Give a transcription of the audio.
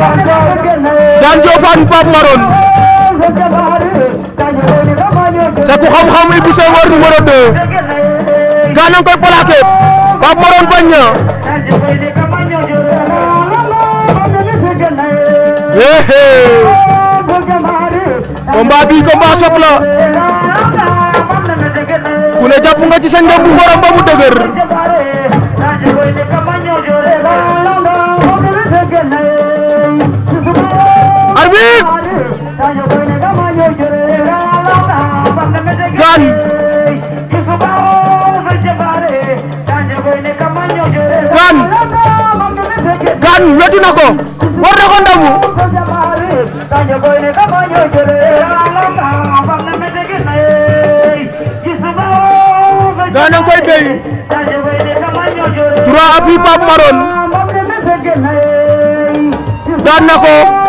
Diane Diofane Pape Maron Sakku Xam-Xam Ibou Senghor numéro 2 Diane a ngi koy plaqué Pape Maron bañ na combat bi combat soxla ku ne jàpp nga ci sa ngëm bu mu dëgër bi gan gan gan wetu na ko war na ko ndamu gana koy dey droit appui Pape Maron daan na ko